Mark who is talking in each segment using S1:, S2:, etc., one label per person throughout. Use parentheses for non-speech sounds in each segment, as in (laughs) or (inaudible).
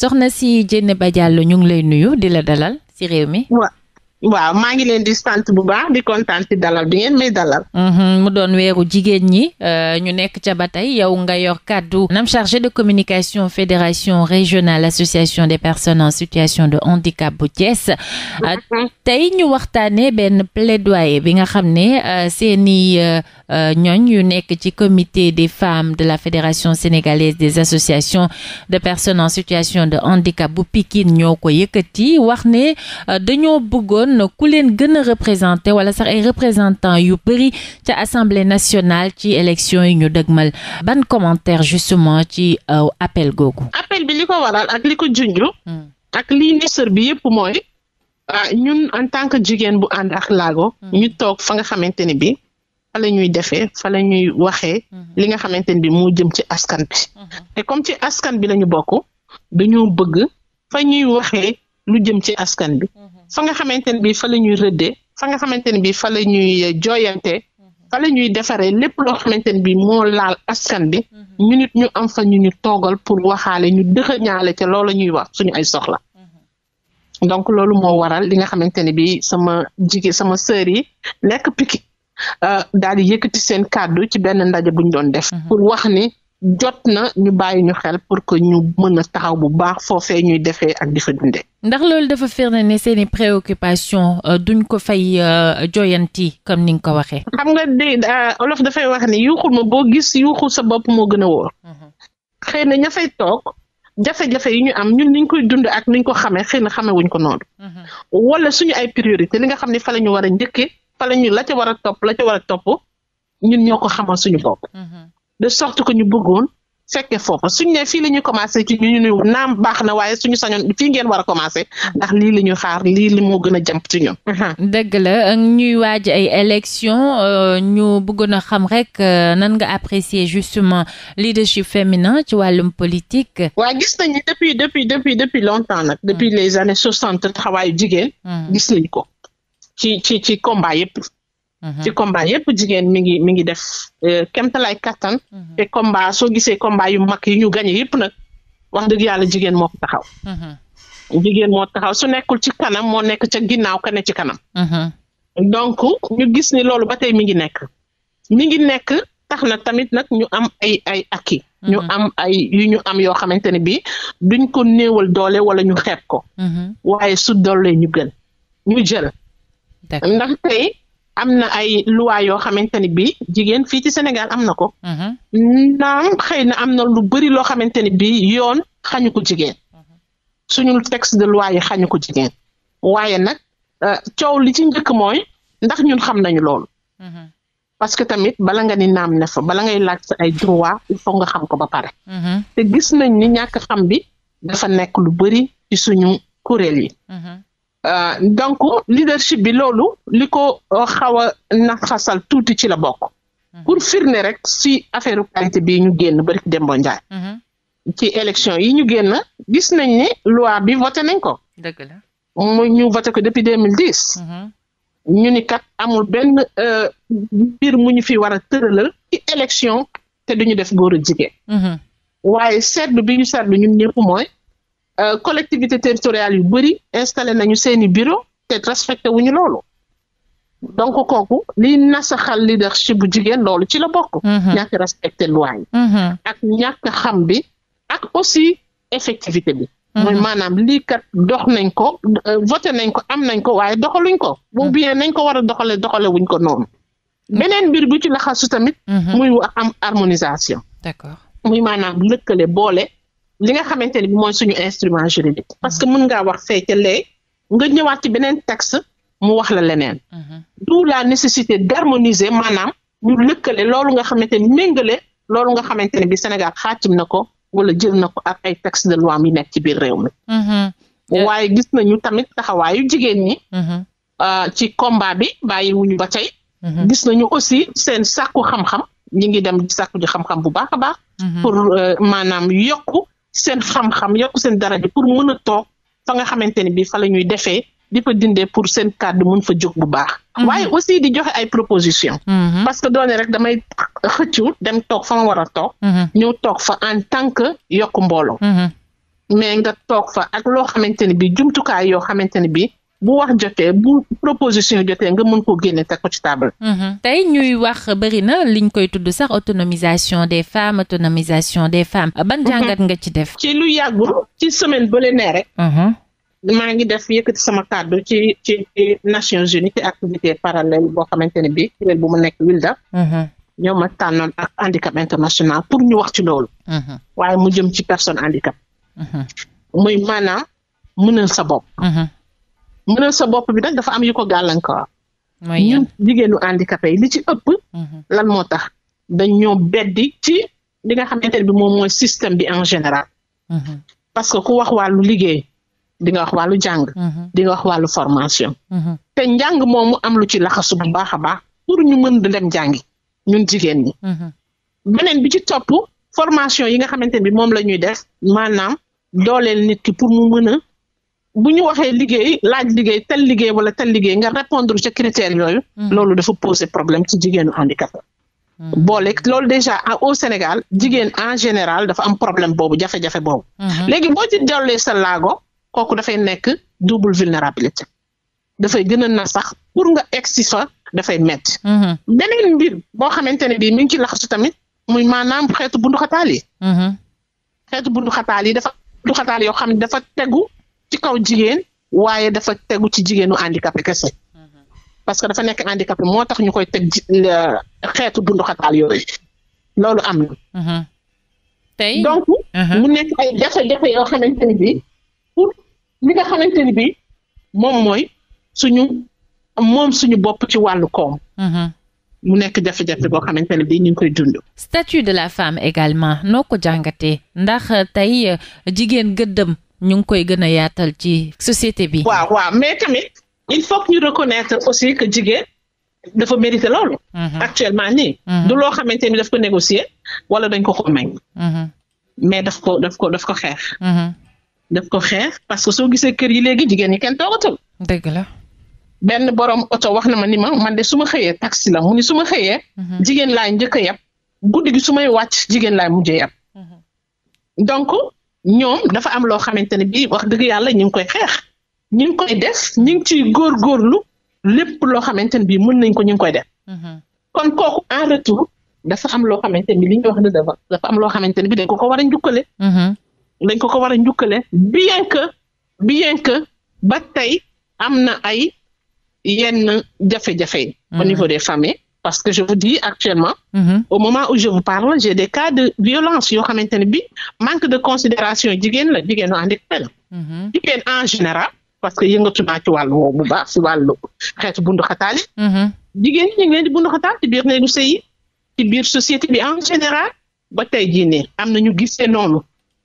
S1: soxna si Dieynaba Diallo ñu ngi lay nuyu di la dalal
S2: si réew mi. waaw maa ngi leen di sant bu baax di kontaan ci dalal bi ngeen may dalal.
S1: Mm-hmm, mu doon weeru jigéen ñi euh, ñu nekk ca ba tey yow nga yor kàddu. nam chargé de communication fédération régionale association des personnes en de handicap bu Thiès. Mm-hmm. tey ñu waxtaane benn plaidoyer bi nga xam ne euh, seeni euh, Euh, ñooñ yu nekk ci comité des femmes de la fédération sénégalaise des associations de personnes en situation de handicap bu Pikine ñoo ko yëkkati wax ne euh, dañoo bëggoon ku leen gën a représenté wala sax ay représentants yu bëri ca assemblée nationale ci élection yi ñu dëgmal ban commentaire justement ci euh, appel googu.
S2: appel bi li waral ak li ko junj. Hmm. ak lii nisër bi yëpp mooy. ñun en tant que jigéen bu ànd ak laago. Hmm. ñu toog fa nga xamante ni bi fa la ñuy defee fa ñuy waxee mhm. li nga xamante ne bi moo jëm ci askan bi mhm. te comme ci askan bi lañu bokk dañoo bëgg fa ñuy waxee lu jëm ci askan bi mhm. fa nga xamante ne bi fa la ñuy rëddee fa nga xamante ne bi fa la ñuy jooyante fa ñuy defaree lépp loo xamante ne bi moo laal askan bi ñu ñu am fa ñu ñu toogal pour waxaale ñu dëxëñaale ca loolu ñuy wax suñu ay soxla donc loolu moo waral li nga xamante ne bi sama jigéen sama sœur yi nekk Euh, daal di yëkkati seen kàddu ci benn ndaje bu doon def. Mhm. pour wax ni jot na ñu bàyyi ñu xel pour que ñu mën a taxaw bu baax fee ñuy defee ak di fa dundee.
S1: ndax loolu dafa firnde ne seen i préoccupation euh, duñ ko fay euh, joyanti comme ni nga ko waxee.
S2: xam nga de olof dafay wax ni yuuxul ma boo gis yuuxu sa bopp moo gën a wóor. Mhm. xëy na ña fay toog jafe-jafe yi ñu am ñun niñ koy dund ak niñ ko xamee xëy na xamee wuñ ko noonu. Mhm. wala suñu ay priorité li nga xam ne fa la ñu war a pale ñu la ca war a topp la ca war a topp ñun ñoo ko xamal suñu bopp. Mm-hmm. de sorte que ñu bëggoon fekke foofa suñu nee fii la ñuy commencé ci ñu ñu naam baax na waaye suñu sañoon fii ngeen war a commencé ndax lii la ñuy xaar lii li moo gën a jàmp ci ñun. Mm-hmm.
S1: dëgg la ñuy waaj ay élection euh, ñu bëggoon a xam rek euh, nan nga apprécier justement leadership féminin ci wàllum politique. waa gis nañu depuis depuis
S2: depuis depuis longtemps nag. depuis mm. les années soixante taxawaayu jigéen. Mm. gis nañ ko. ci ci ci combat yëpp. Mhm. ci combat yëpp jigéen mi ngi mi ngi def euh, kemtalaay kattan. Mhm. te combat soo gisee combat yu mag yi ñu gagné yëpp nag wax dëgg yàlla jigéen moo ko taxaw. Mhm. jigéen moo taxaw su nekkul ci kanam moo nekk ca ginnaaw ka ci kanam. donc ñu gis ni loolu ba tey mi ngi nekk. mi ngi nekk tax na tamit nag ñu am ay ay aki ñu am ay yu ñu am yoo xamante ne bii duñ ko néewal doole wala ñu xeet ko. waaye su doole ñu gën ñu jël. ndax tey am na ay loi yoo xamante ni bii jigéen fii ci Sénégal am na ko. Mhm. naam xëy na am na lu bëri loo xamante ni bii yoon xañu ko jigéen. Mhm. suñu texte de loi yi xañu ko jigéen. waaye nag euh, coow li ci njëkk mooy ndax ñun xam nañu loolu. Mhm. parce que tamit bala nga ni naam ne fa bala ngay laaj sa ay droit il nga xam ko ba pare. te gis nañ ni ñàkk xam bi dafa nekk lu bari ci suñu kuréel yi. Euh, donc leadership bi loolu li ko xaw a naxasal tuuti ci la bokk. Mhm. pour firnde rek si affaire parité bi ñu génn bari Demba
S1: mhm.
S2: ci élection yi ñu génn gis nañ ne loi bi voté nañ ko. dëgg la mu ñu voté ko depuis deux mille dix. Mhm. ñu ni kat amul benn euh, mbir mu ñu fi war a tëralal ci élection te duñu def góor a jigéen. waaye seetlu bi ñu seetlu ñun ñëpp mooy Euh, collectivité territoriale yu bëri installé nañu seeni bureau te respecté wuñu loolu donc kooku liy nasaxal leadership bu jigéen loolu ci la bokk mhm. ñàkk respecté loi yi mhm. ak ñàkk xam bi ak aussi effectivité bi mhm. mooy maanaam lii kat dox nañ ko euh, voté nañ ko am nañ ko waaye doxaluñ ko ou bien nañ ko war a doxale doxale wuñ ko noonu beneen mbir bu ci laxasu tamit muy am harmonisation d'accord muy maanaam lëkkale boole li nga xamante ne bi mooy suñu instrument juridique parce que mën ngaa wax fee ca lee nga ñëwaat ci beneen texte mu wax la leneen mhm. d'où la nécessité d'harmoniser maanaam ñu lëkkale loolu nga xamante ni méngale loolu nga xamante ne bi Sénégal xaatim na ko wala jël na ko ak ay texte de loi mi nekk ci biir réew mi mhm. euh, waaye gis nañu tamit taxawaayu jigéen ñi mhm. euh, ci combat bi bàyyi wuñu ba tey gis nañu aussi seen sàkku xam-xam ñi ngi dem sàkku ji xam-xam bu baax a baax pour euh, maanaam yokku seen xam-xam yokk seen daraja pour mën a toog fa nga xamante ni bii ñuy defee di dindee pour seen kàddu mun fa jóg bu baax. Mhm. waaye aussi di joxe ay proposition mhm. parce que doone rek damay xëccu dem toog fa ma war a toog. Mhm. ñëw toog fa en tant que yokk mbooloo. mais nga toog fa ak loo xamante ni jumtukaay yoo xamante ni bu wax jotee bu proposition jotee nga mën koo génne teg ko ci table.
S1: Mhm. tey ñuy wax bëri na liñ koy tudd sax autonomisation des femmes autonomisation des femmes. ban mhm. jàngat nga ci def.
S2: ci lu yàggul ci semaine bële nee rek. Mhm. maa ngi def yëkkati sama kàddu ci ci Nations Unies ci activité parallèle boo xamante ne bii kuréel bu mu nekk Wilda. ñoo ma tànnoon ak handicap international pour ñu wax ci loolu. waaye mu jëm ci personne handicap. muy maanaam mënal sa bopp. mënal sa bopp bi nag dafa am yu ko gàllankoor. mooy ñun jigéenu handicapé yi li ci ëpp. Mhm. lan moo tax dañoo beddi ci li nga xamante ne bi moom mooy système bi en général. Mhm. parce que ku wax wàllu liggéey di nga wax wàllu jàng. Mhm. di wax wàllu formation. te njàng moomu am lu ci laxasu bu baax a baax pour ñu mën di dem jàngi ñun jigéen ñi. beneen bi ci topp formation yi nga xamante ne bi moom la ñuy def maanaam dooleel nit ki pour mu mën a. bu ñu waxee liggéey laaj liggéey tel liggéey wala tel liggéey nga répondre ca critères yooyu. Hmm. loolu dafa poser problème ci jigéenu handicapé. Hmm. boole loolu déjà au Sénégal jigéen en général dafa am problème boobu jafe-jafe boobu. Hmm. léegi boo ci dollee sa laago kooku dafay nekk double vulnérabilité. dafay gën na sax pour nga egsi fa dafay métti. beneen mbir boo xamante ne bi mi ngi ci laxasu tamit muy maanaam xeetu bundu xataal yi. xeetu bundu xataal yi dafa bundu xataal yoo xam ne dafa tegu. ci kaw jigéen waaye dafa tegu ci jigéenu handicapé kese mm-hmm. parce que dafa nekk handicapé moo tax ñu koy teg xeetu dundu xataal yooyu loolu am na. Mm-hmm. tey donc. Mm-hmm. mu nekk ay jafe-jafe yoo xamante ni bi pour li nga xamante ni bi moom mooy suñu moom suñu bopp ci wàllu koom. mu nekk jafe-jafe boo xamante ne bii ñu ngi koy dund.
S1: statut de la femme également noo ko jàngate ndax tey jigéen gëddëm ñu ngi koy gën a yaatal ci
S2: société bi. waaw waaw mais tamit il faut ñu reconnaître aussi que jigéen dafa mérité loolu. Mhm. actuellement nii. Mhm. du loo xamante ni daf ko négocier wala dañ ko ko may. Mhm. mais daf ko daf ko daf ko xeex. daf ko xeex parce que soo gisee kër yi léegi jigéen ñi kenn toogatul. dëgg la. benn borom oto wax na ma ni ma man de su ma xëyee taxi la mu ni su ma xëyee. jigéen laay njëkk a guddi gi su may wàcc jigéen laay mujjee yab. donc ñoom dafa am loo xamante ne bii wax dëgg yàlla ñu ngi koy xeex ñu ngi koy def ñu ngi ciy lu lépp loo xamante ne bii mën nañ ko ñu ngi koy def. Mm-hmm. kon kooku en retour dafa am loo xamante ne li ñuy wax ne dafa am loo xamante ne bii dañ ko ko war a njukkale. Mm-hmm. dañ ko ko war a njukkale bien que bien que ba tey am na ay yen jafe-jafe. au mm-hmm. niveau des familles. parce que je vous dis actuellement mm -hmm. au moment où je vous parle j'ai des cas de violence yo xamante ne bi manque de considération jigéen la jigéenu handicapé la mm-hmm. jigéen en général parce que yëngatu naa ci wàllu woo bu baax si wàllu xeetu bundu xataal yi mm-hmm. jigéen ñi ñu ngi leen di bundu xataal ci biir néegu yi ci société bi en général ba tey jii ne am na ñu gisee noonu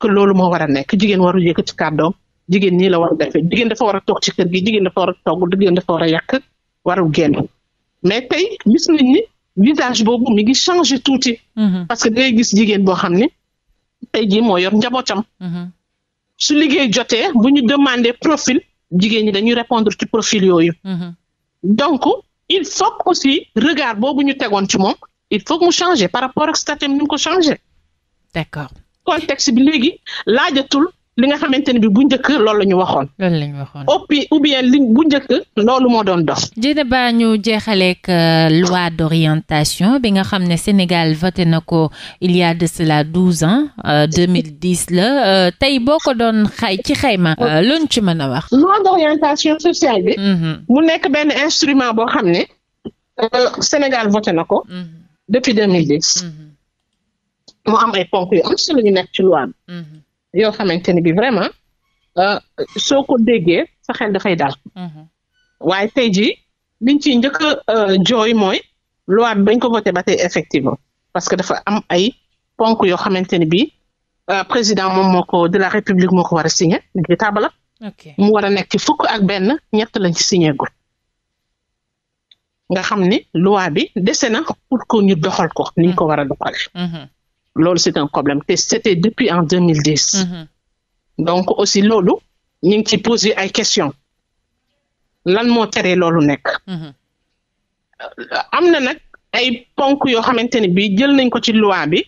S2: que loolu moo war a nekk jigéen warul yëkkati kàddoom jigéen nii la war a defee jigéen dafa war a toog ci kër gi jigéen dafa war a togg jigéen dafa war a yàq warul génn mais tey gis ni visage boobu mi gi changé tuuti. Mhm. parce que dangay gis jigéen boo xam ne tey ji moo yor njabootam. Mhm. su liggéey jotee bu ñu demander profil jigéen ñi dañuy répondre ci profil yooyu. Mhm. donc il faut aussi regard boobu ñu tegoon ci moom il faut mu changer par rapport ak statut ni mu ko changer. d'accord contexte bi léegi laajatul li nga xamante ne bi bu njëkk loolu la ñu waxoon. loolu la ñu waxoon ou li bu njëkk loolu moo doon dox. Dieynaba
S1: ñu jeexaleek euh, loi d'orientation bi nga xam ne Sénégal voté na ko il y a de cela douze ans euh, deux mille la euh, tey boo ko doon xay
S2: ci xayma. loolu ci mën a wax. loi d'orientation sociale bi. Mm-hmm. mu nekk benn instrument boo xam ne. Sénégal voté na ko. Mm-hmm. depuis deux mm-hmm. am ay ponk yu am ñu nekk ci loi bi. yoo xamante ni bi vraiment euh, soo ko déggee sa xel dafay dal mhm. waaye tey jii liñ ciy njëkk a euh, jooy mooy loi bi bañ ko voté ba tey effectivement parce que dafa am ay ponk yoo xamante ni bi euh, président moom moo ko de la république moo ko war a signé di mu war a nekk ci fukk ak benn ñett lañ ci signé nga xam ni loi bi desse na pour ko ñu doxal ko niñ ko mhm. war a doxale mhm. loolu c'est un problème te c'était depuis en 2010. Mm-hmm. donc aussi loolu ñu ngi ci poser ay question lan moo teree loolu nekk. Mm-hmm. am na nag ay ponk yoo xamante ni bii jël nañ ko ci loi bi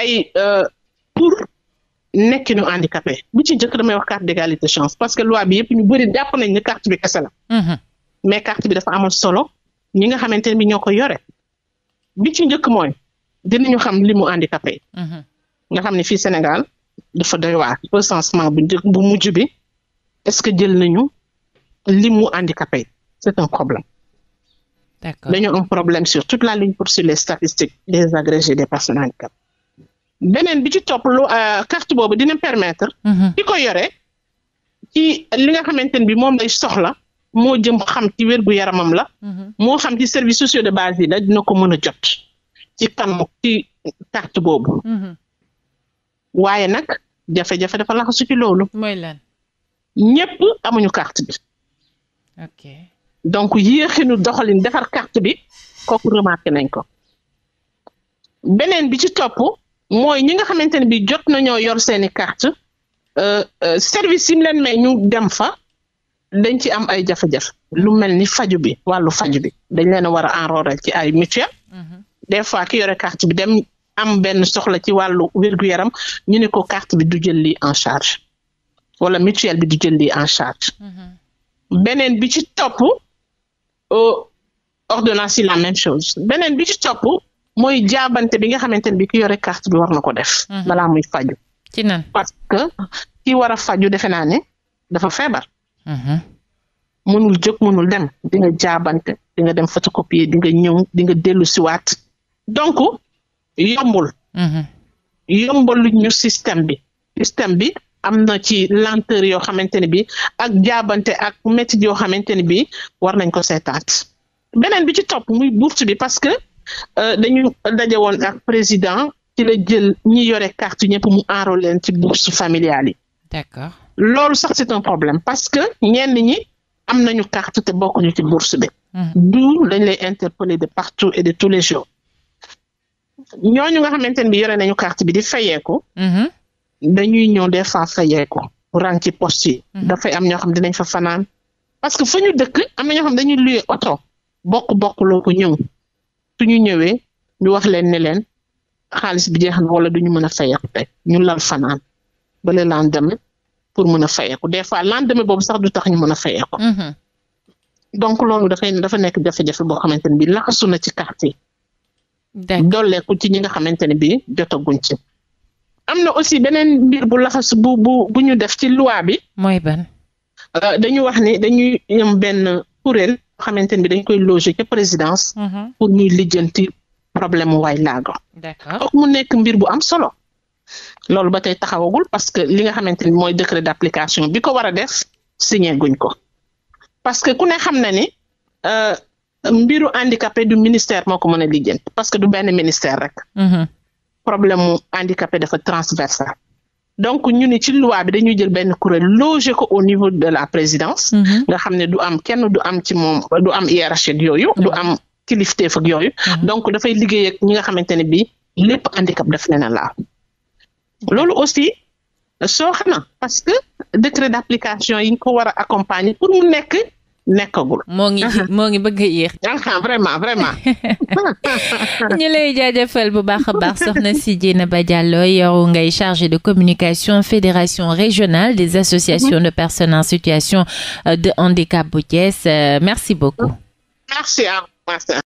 S2: ay euh, pour nekkinu handicapé bu ci jëkk damay wax carte d'égalité chance parce que loi bi yëpp ñu bëri jàpp nañ ne carte bi kese la. Mm-hmm. mais carte bi dafa amoon solo ñi nga xamante ne bi ñoo ko yore bi ci njëkk mooy. dinañu xam li mu handicapé. Mhm. nga xam ne fii Sénégal dafa doy waar recensement bu njëkk bu mujj bi est-ce que jël nañu li mu handicapé c'est un problème. d'accord dañoo am problème sur toute la ligne pour sur les statistiques des agrégés des personnes handicapées. beneen bi ci topp lu euh, carte boobu dina permettre. Mhm. ki ko yore ci li nga xamante ne bi moom lay soxla moo jëm xam ci wér gu yaramam la. Mhm. moo xam ci services sociaux de base yi la dina ko mën a jot. ci tàmm ci carte boobu. Mhm. waaye nag jafe-jafe dafa laxasu ci loolu. mooy lan ñëpp amuñu carte bi. ok donc yéexinu doxalin defar carte bi kooku remarqué nañ ko. beneen bi ci topp mooy ñi nga xamante ne bi jot nañoo yor seeni carte euh, euh, service yi leen may ñu dem fa dañ ci am ay jafe-jafe lu mel ni faju bi wàllu faju bi dañ leen a war a enrôler ci ay mutuelle mhm. des fois ki yore carte bi dem am benn soxla ci wàllu wér yaram ñu ne ko carte bi du jël lii en charge wala mutuel bi du jël lii en charge mm-hmm. beneen bi ci topp euh, ordonnance la même chose beneen bi ci topp mooy jaabante bi nga xamante ne bi ki yore carte bi war na ko def mm-hmm. balaa muy faju ci nan parce que ki war a faju defe naa ne dafa feebar mm-hmm. mënul jóg mënul dem dinga nga jaabante di nga dem photocopier di nga ñëw di nga dellu siwaat donc yombul. Mhm. yombaluñ ñu système bi système bi am na ci lenteur yoo xamante ne bi ak jaabante ak métit yoo xamante ne bi war nañ ko seetaat beneen bi ci topp muy bourse bi parce que euh, dañu daje woon ak président ci la jël ñi yore carte ñëpp mu aroo leen ci bourse familiale yi. d'accord loolu sax c'est un problème parce que ñenn ñi am na nañu carte te bokkuñu ci bourse bi. Mhm. du dañ lay interpeller de partout et de tous les jours. ñooñu nga xamante ne bi yore nañu carte bi di fayeeku mm-hmm. dañuy ñëw des fois fayeeku rang ci poste yi mm-hmm. dafay am ñoo xam dinañ fa fanaan parce que fo ñu dëkk am ñoo xam dañuy luye oto bokk bokk loo ko ñëw suñu ñëwee ñu wax leen ne leen xaalis bi jeex na wala duñu mën a fayeeku tey ñu lal fanaan ba le lendemain pour mën a fayeeku des fois lendemain boobu sax du tax ñu mën a fayeeku mm-hmm. donc loolu dafay dafa nekk jafe-jafe boo xamante ne bi laxasu na ci carte yi dolleeku ci ñi nga xamante ne bii jotaguñ ci. am na aussi beneen mbir bu laxas bu bu bu ñu def ci loi bi. mooy ban. Uh, dañu wax ni dañuy am benn kuréel boo xamante ne bi dañ koy loger ca présidence. Mm -hmm. pour ñuy lijjanti problème waay laago. d'accord mu nekk mbir bu am solo. loolu ba tey taxawagul parce que li nga xamante ni mooy décret d'application bi ko war a def signé guñ ko parce que ku ne xam na ni euh, mbiru handicapé du ministère moo ko mën a lijjanti parce que du benn ministère rek. Mhm. problème mu handicapé dafa transversal. donc ñu ni ci loi bi dañuy jël benn kuréel loger ko au niveau de la présidence. Mhm. nga xam ne du am kenn du am ci moom du am hiérarchie yooyu. du am kilifteef ak yooyu. Mhm. donc dafay liggéey ak ñi nga xamante ne bii lépp handicap daf leen a laal. loolu aussi sooxe na parce que décret d'application yi ko war a accompagner pour mu nekk. nekkagul. moo ngi moo ngi bëgg a yéex. (laughs) Ah, vraiment vraiment.
S1: (laughs) ñu lay jaajëfal bu baax a baax soxna si Dieynaba Diallo yow ngay chargé de communication fédération régionale des associations de personnes en situation de handicap bu euh, merci beaucoup.